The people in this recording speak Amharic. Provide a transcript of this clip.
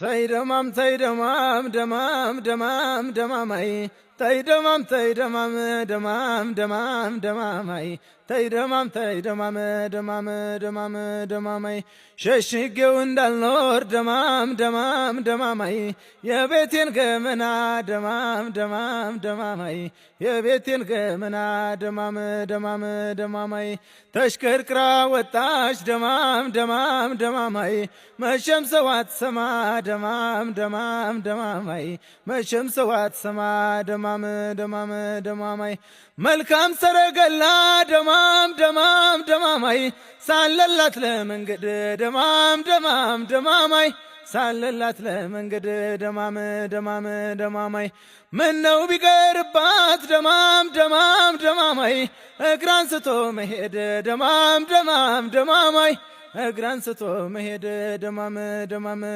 ሳይደማም ሳይደማም ደማም ደማም ደማማይ ተይ ደማም ተይ ደማም ደማም ደማም ደማማይ ተይ ደማም ተይ ደማም ደማም ደማም ደማማይ ሸሽጌው እንዳልኖር ደማም ደማም ደማማይ የቤቴን ገመና ደማም ደማም ደማማይ የቤቴን ገመና ደማም ደማም ደማማይ ተሽከርክራ ወጣች ደማም ደማም ደማማይ መቼም ሰው አትሰማ ደማም ደማም ደማማይ መቼም ሰው አትሰማ ደማም ደማም ደማም ደማማይ መልካም ሰረገላ ደማም ደማም ደማማይ ሳለላት ለመንገድ ደማም ደማም ደማማይ ሳለላት ለመንገድ ደማም ደማም ደማማይ ነው ቢገርባት ደማም ደማም ደማማይ እግር አንስቶ መሄድ ደማም ደማም ደማማይ እግር አንስቶ መሄድ ደማም ደማም